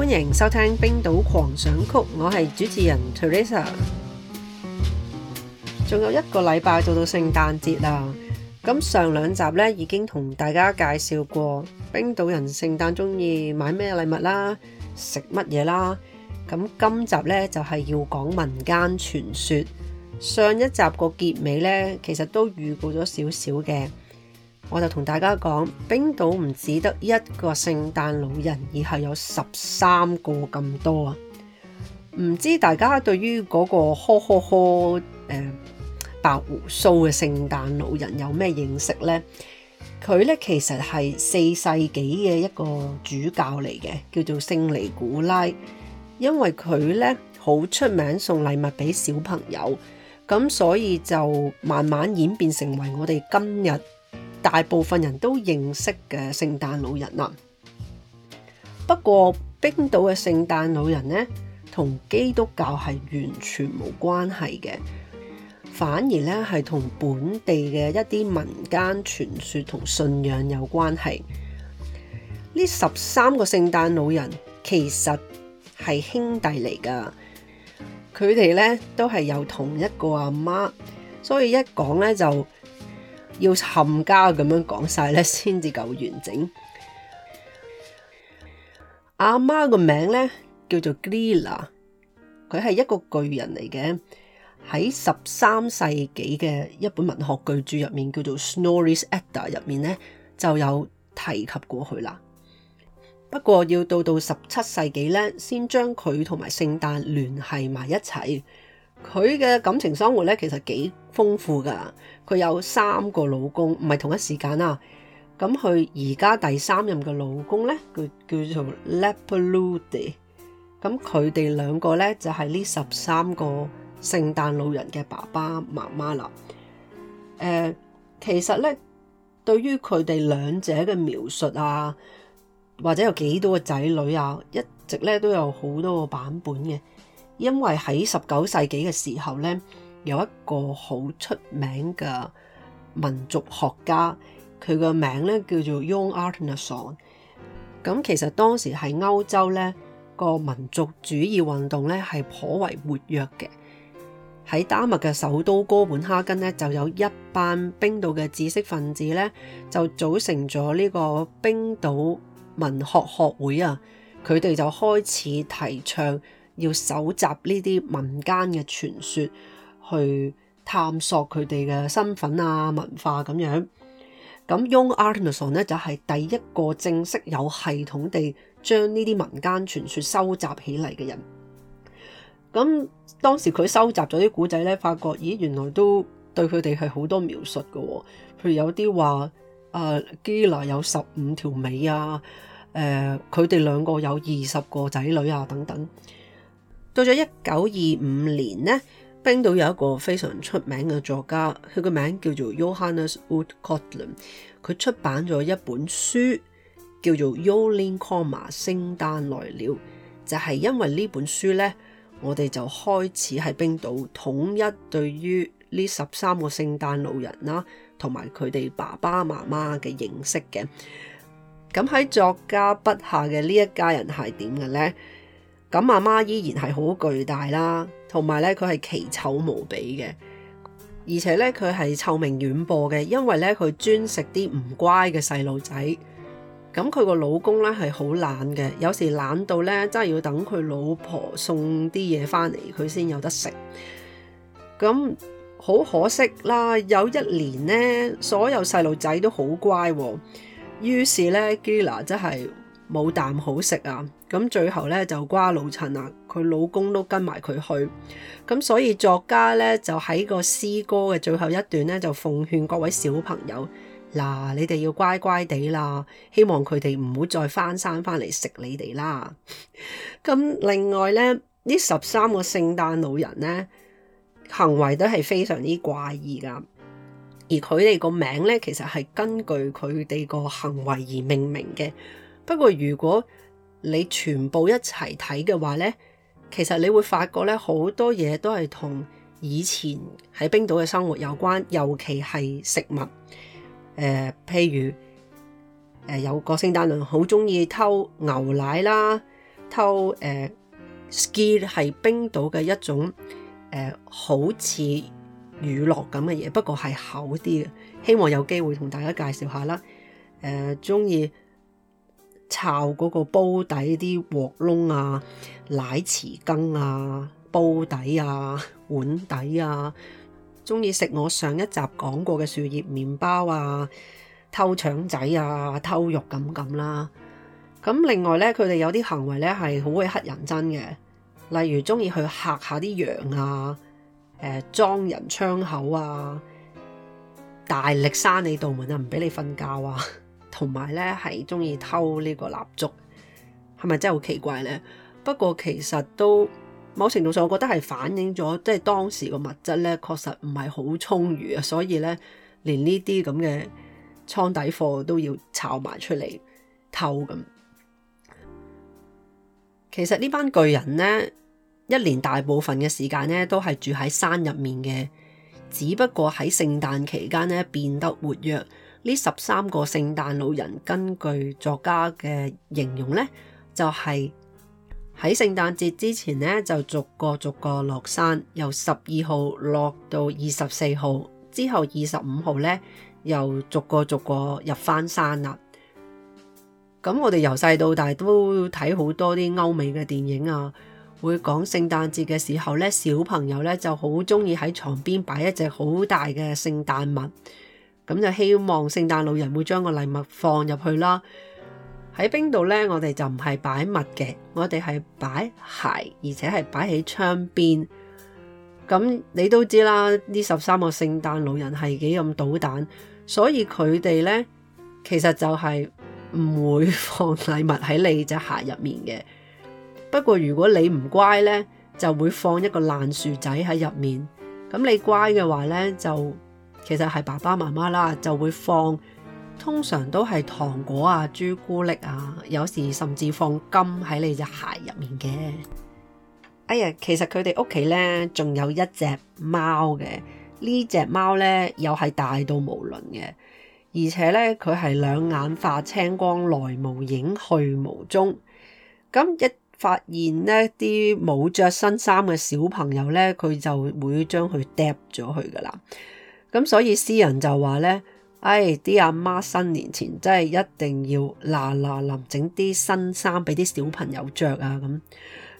歡迎收聽冰島狂想曲，我係主持人 Teresa。仲有一個禮拜到到聖誕節啦，咁上兩集呢已經同大家介紹過冰島人聖誕中意買咩禮物啦，食乜嘢啦，咁今集呢就係要講民間傳說。上一集個結尾呢其實都預告咗少少嘅。我就同大家講，冰島唔止得一個聖誕老人，而係有十三個咁多啊。唔知大家對於嗰個呵呵呵誒白鬍鬚嘅聖誕老人有咩認識呢？佢咧其實係四世紀嘅一個主教嚟嘅，叫做聖尼古拉。因為佢咧好出名送禮物俾小朋友，咁所以就慢慢演變成為我哋今日。大部分人都認識嘅聖誕老人啦。不過冰島嘅聖誕老人咧，同基督教係完全冇關係嘅，反而咧係同本地嘅一啲民間傳說同信仰有關係。呢十三個聖誕老人其實係兄弟嚟㗎，佢哋咧都係有同一個阿媽，所以一講咧就，要冚家咁樣講晒咧，先至夠完整。阿媽個名咧叫做 Gila，佢係一個巨人嚟嘅。喺十三世紀嘅一本文學巨著入面，叫做《Snorris Edda》入面咧就有提及過去啦。不過要到到十七世紀咧，先將佢同埋聖誕聯繫埋一齊。佢嘅感情生活咧，其實幾豐富噶。佢有三個老公，唔係同一時間啦。咁佢而家第三任嘅老公咧，佢叫做 Leppalúði，咁佢哋兩個咧，就係呢十三個聖誕老人嘅爸爸媽媽啦。誒、呃，其實咧，對於佢哋兩者嘅描述啊，或者有幾多個仔女啊，一直咧都有好多個版本嘅。因為喺十九世紀嘅時候咧，有一個好出名嘅民族學家，佢個名咧叫做 Jón Árnason。咁其實當時係歐洲咧個民族主義運動咧係頗為活躍嘅。喺丹麥嘅首都哥本哈根咧，就有一班冰島嘅知識分子咧，就組成咗呢個冰島文學學會啊！佢哋就開始提倡。要搜集呢啲民間嘅傳說，去探索佢哋嘅身份啊、文化咁樣。咁 Jón Árnason 咧就係、是、第一個正式有系統地將呢啲民間傳說收集起嚟嘅人。咁當時佢收集咗啲古仔咧，發覺咦原來都對佢哋係好多描述嘅喎、哦。譬如有啲話，誒 Grýla 有十五條尾啊，誒佢哋兩個有二十個仔女啊等等。到咗一九二五年呢，冰島有一個非常出名嘅作家，佢個名叫做 Johannes Wood Kolln，佢出版咗一本書，叫做《Yolin Koma》，聖誕來了。就係、是、因為呢本書呢，我哋就開始喺冰島統一對於呢十三個聖誕老人啦、啊，同埋佢哋爸爸媽媽嘅認識嘅。咁喺作家筆下嘅呢一家人係點嘅呢？咁阿媽依然係好巨大啦，同埋咧佢係奇醜無比嘅，而且咧佢係臭名遠播嘅，因為咧佢專食啲唔乖嘅細路仔。咁佢個老公咧係好懶嘅，有時懶到咧真係要等佢老婆送啲嘢翻嚟佢先有得食。咁好可惜啦，有一年咧所有細路仔都好乖，於是咧 Gila 真係冇啖好食啊！咁最後咧就瓜老襯啦，佢老公都跟埋佢去，咁所以作家咧就喺個詩歌嘅最後一段咧就奉勸各位小朋友，嗱、啊、你哋要乖乖地啦，希望佢哋唔好再翻山翻嚟食你哋啦。咁另外咧呢十三個聖誕老人咧行為都係非常之怪異噶，而佢哋個名咧其實係根據佢哋個行為而命名嘅。不過如果你全部一齊睇嘅話呢，其實你會發覺呢，好多嘢都係同以前喺冰島嘅生活有關，尤其係食物。呃、譬如、呃、有個聖誕老人好中意偷牛奶啦，偷、呃、ski 係冰島嘅一種、呃、好似娛樂咁嘅嘢，不過係厚啲嘅，希望有機會同大家介紹下啦。誒、呃，中意。抄嗰個煲底啲鑊窿啊、奶匙羹啊、煲底啊、碗底啊，中意食我上一集講過嘅樹葉麵包啊、偷腸仔啊、偷肉咁咁啦。咁另外咧，佢哋有啲行為咧係好鬼乞人憎嘅，例如中意去嚇下啲羊啊、誒、呃、裝人窗口啊、大力閂你道門啊，唔俾你瞓覺啊。同埋咧，係中意偷呢個蠟燭，係咪真係好奇怪呢？不過其實都某程度上，我覺得係反映咗即係當時個物質咧，確實唔係好充裕啊，所以咧，連呢啲咁嘅倉底貨都要摷埋出嚟偷咁。其實呢班巨人呢，一年大部分嘅時間呢都係住喺山入面嘅，只不過喺聖誕期間咧，變得活躍。呢十三個聖誕老人，根據作家嘅形容呢就係喺聖誕節之前呢就逐個逐個落山，由十二號落到二十四號，之後二十五號呢又逐個逐個，逐個入翻山啦。咁我哋由細到大都睇好多啲歐美嘅電影啊，會講聖誕節嘅時候呢小朋友呢就好中意喺床邊擺一隻好大嘅聖誕襪。咁就希望聖誕老人會將個禮物放入去啦。喺冰度呢，我哋就唔係擺襪嘅，我哋係擺鞋，而且係擺喺窗邊。咁你都知啦，呢十三個聖誕老人係幾咁搗蛋，所以佢哋呢其實就係唔會放禮物喺你隻鞋入面嘅。不過如果你唔乖呢，就會放一個爛薯仔喺入面。咁你乖嘅話呢，就。其實係爸爸媽媽啦，就會放，通常都係糖果啊、朱古力啊，有時甚至放金喺你隻鞋入面嘅。哎呀，其實佢哋屋企咧，仲有一隻貓嘅。呢隻貓咧，又係大到無論嘅，而且咧，佢係兩眼化青光，來無影去無蹤。咁一發現呢啲冇着新衫嘅小朋友咧，佢就會將佢掟咗佢噶啦。咁所以詩人就話咧，唉、哎，啲阿媽新年前真係一定要嗱嗱臨整啲新衫俾啲小朋友着啊！咁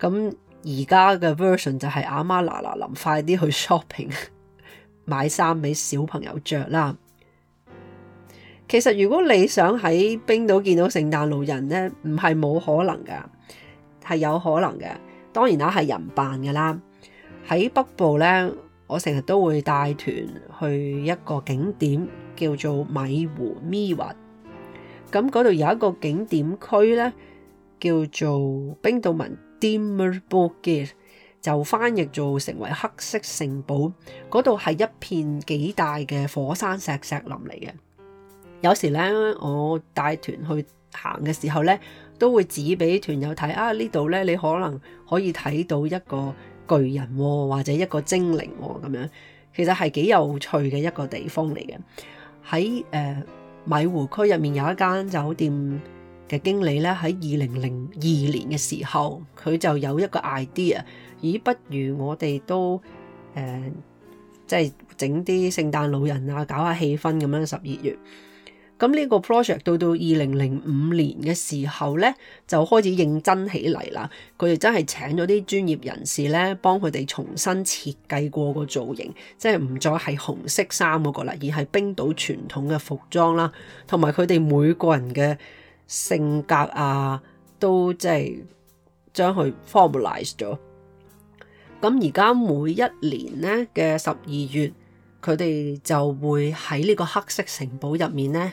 咁而家嘅 version 就係阿媽嗱嗱臨快啲去 shopping 買衫俾小朋友着啦。其實如果你想喺冰島見到聖誕老人咧，唔係冇可能噶，係有可能嘅。當然啦，係人扮噶啦。喺北部咧。我成日都會帶團去一個景點叫做米湖 Mývatn，咁嗰度有一個景點區咧，叫做冰島文 Dimmuborgir，就翻譯做成為黑色城堡。嗰度係一片幾大嘅火山石石林嚟嘅。有時咧，我帶團去行嘅時候咧，都會指俾團友睇啊，呢度咧你可能可以睇到一個巨人、哦、或者一個精靈哦、咁樣，其實係幾有趣嘅一個地方嚟嘅。喺誒、呃、米湖區入面有一間酒店嘅經理咧，喺二零零二年嘅時候，佢就有一個 idea，咦，不如我哋都誒，即係整啲聖誕老人啊，搞下氣氛咁樣，十二月。咁呢個 project 到到二零零五年嘅時候呢，就開始認真起嚟啦。佢哋真係請咗啲專業人士呢，幫佢哋重新設計過個造型，即係唔再係紅色衫嗰個啦，而係冰島傳統嘅服裝啦，同埋佢哋每個人嘅性格啊，都即係將佢 formalize 咗。咁而家每一年呢嘅十二月，佢哋就會喺呢個黑色城堡入面呢，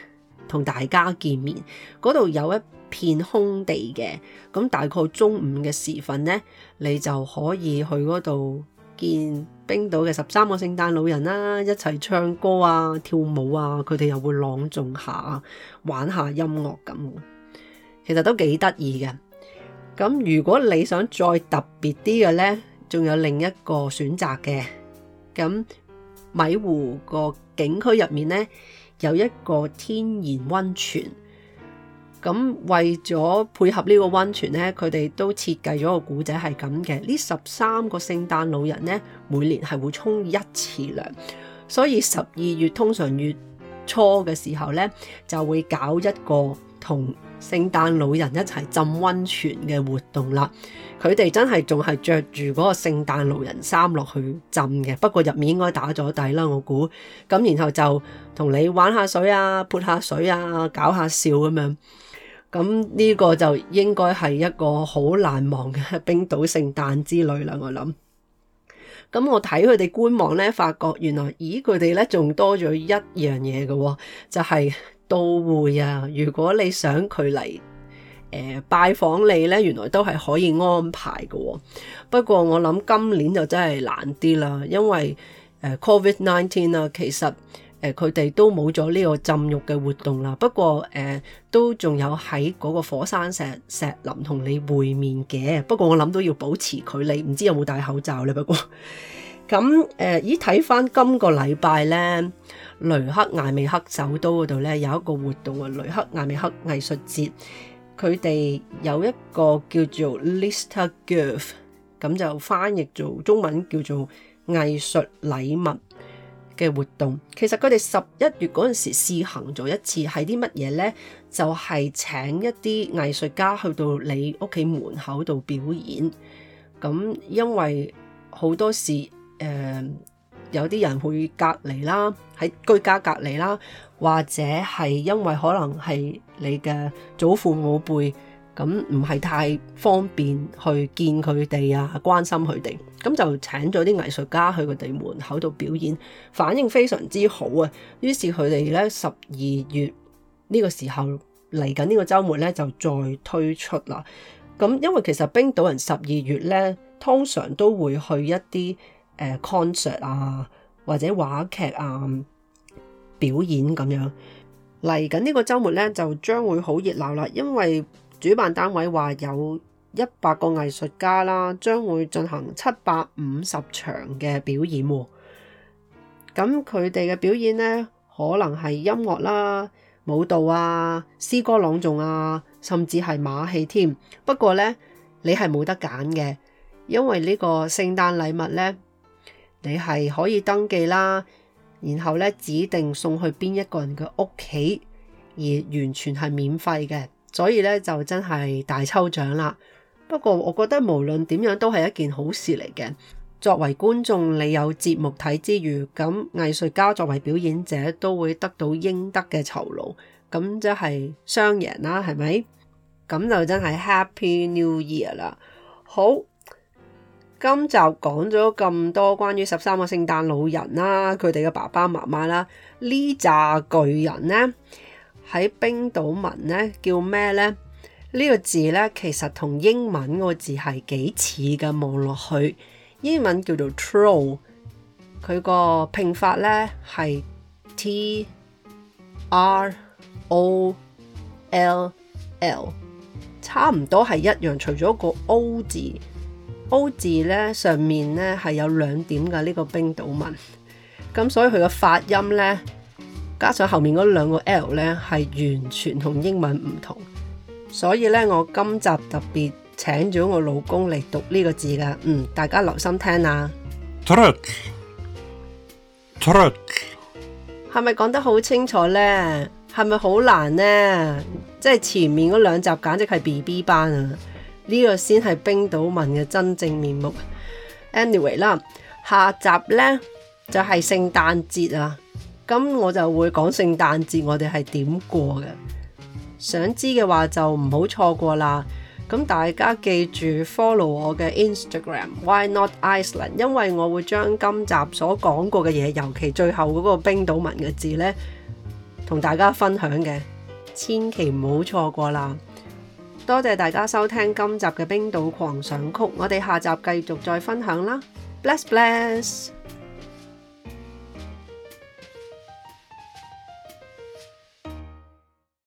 同大家見面，嗰度有一片空地嘅，咁大概中午嘅時分呢，你就可以去嗰度見冰島嘅十三個聖誕老人啦，一齊唱歌啊、跳舞啊，佢哋又會朗誦下、玩下音樂咁，其實都幾得意嘅。咁如果你想再特別啲嘅呢，仲有另一個選擇嘅，咁米湖個景區入面呢。有一個天然温泉，咁為咗配合呢個温泉呢，佢哋都設計咗個古仔係咁嘅。呢十三個聖誕老人呢，每年係會沖一次涼，所以十二月，通常月初嘅時候呢，就會搞一個同。聖誕老人一齊浸溫泉嘅活動啦，佢哋真係仲係着住嗰個聖誕老人衫落去浸嘅，不過入面應該打咗底啦，我估。咁然後就同你玩下水啊，潑下水啊，搞下笑咁樣。咁呢個就應該係一個好難忘嘅冰島聖誕之旅啦，我諗。咁我睇佢哋官網呢，發覺原來咦，佢哋呢仲多咗一樣嘢嘅喎，就係、是。都會啊！如果你想佢嚟、呃、拜訪你呢，原來都係可以安排嘅、哦。不過我諗今年就真係難啲啦，因為、呃、Covid nineteen、啊、其實佢哋、呃、都冇咗呢個浸浴嘅活動啦。不過、呃、都仲有喺嗰個火山石石林同你會面嘅。不過我諗都要保持距離，唔知有冇戴口罩咧？不過。咁誒，咦睇翻今個禮拜咧，雷克雅未克首都嗰度咧，有一個活動啊，雷克雅未克藝術節，佢哋有一個叫做 Listagift，咁就翻譯做中文叫做藝術禮物嘅活動。其實佢哋十一月嗰陣時試行咗一次，係啲乜嘢咧？就係請一啲藝術家去到你屋企門口度表演。咁因為好多時。誒、呃、有啲人會隔離啦，喺居家隔離啦，或者係因為可能係你嘅祖父母輩咁，唔係太方便去見佢哋啊，關心佢哋咁就請咗啲藝術家去佢哋門口度表演，反應非常之好啊。於是佢哋呢十二月呢個時候嚟緊呢個週末呢，就再推出啦。咁因為其實冰島人十二月呢，通常都會去一啲。誒、呃、concert 啊，或者話劇啊，表演咁樣，嚟緊呢個週末咧，就將會好熱鬧啦。因為主辦單位話有一百個藝術家啦，將會進行七百五十場嘅表演喎、喔。咁佢哋嘅表演呢，可能係音樂啦、舞蹈啊、詩歌朗誦啊，甚至係馬戲添。不過呢，你係冇得揀嘅，因為呢個聖誕禮物呢。你係可以登記啦，然後咧指定送去邊一個人嘅屋企，而完全係免費嘅，所以咧就真係大抽獎啦。不過我覺得無論點樣都係一件好事嚟嘅。作為觀眾，你有節目睇之餘，咁藝術家作為表演者都會得到應得嘅酬勞，咁即係雙贏啦，係咪？咁就真係 Happy New Year 啦！好。今集講咗咁多關於十三個聖誕老人啦、啊，佢哋嘅爸爸媽媽啦、啊，呢紮巨人呢？喺冰島文呢叫咩呢？呢、呢個字呢其實同英文個字係幾似嘅，望落去英文叫做 troll，佢個拼法呢係 t r o l l，差唔多係一樣，除咗個 o 字。O 字咧上面咧係有兩點噶呢個冰島文，咁所以佢個發音咧，加上後面嗰兩個 L 咧係完全同英文唔同，所以咧我今集特別請咗我老公嚟讀呢個字噶，嗯，大家留心聽啊。Tröll，tröll，係咪講得好清楚呢？係咪好難呢？即係前面嗰兩集簡直係 B B 班啊！呢、這個先係冰島文嘅真正面目。Anyway 啦，下集呢就係、是、聖誕節啊，咁我就會講聖誕節我哋係點過嘅。想知嘅話就唔好錯過啦。咁大家記住 follow 我嘅 Instagram Why Not Iceland，因為我會將今集所講過嘅嘢，尤其最後嗰個冰島文嘅字呢，同大家分享嘅，千祈唔好錯過啦。多謝大家收聽今集嘅《冰島狂想曲》，我哋下集繼續再分享啦，Bless，Bless。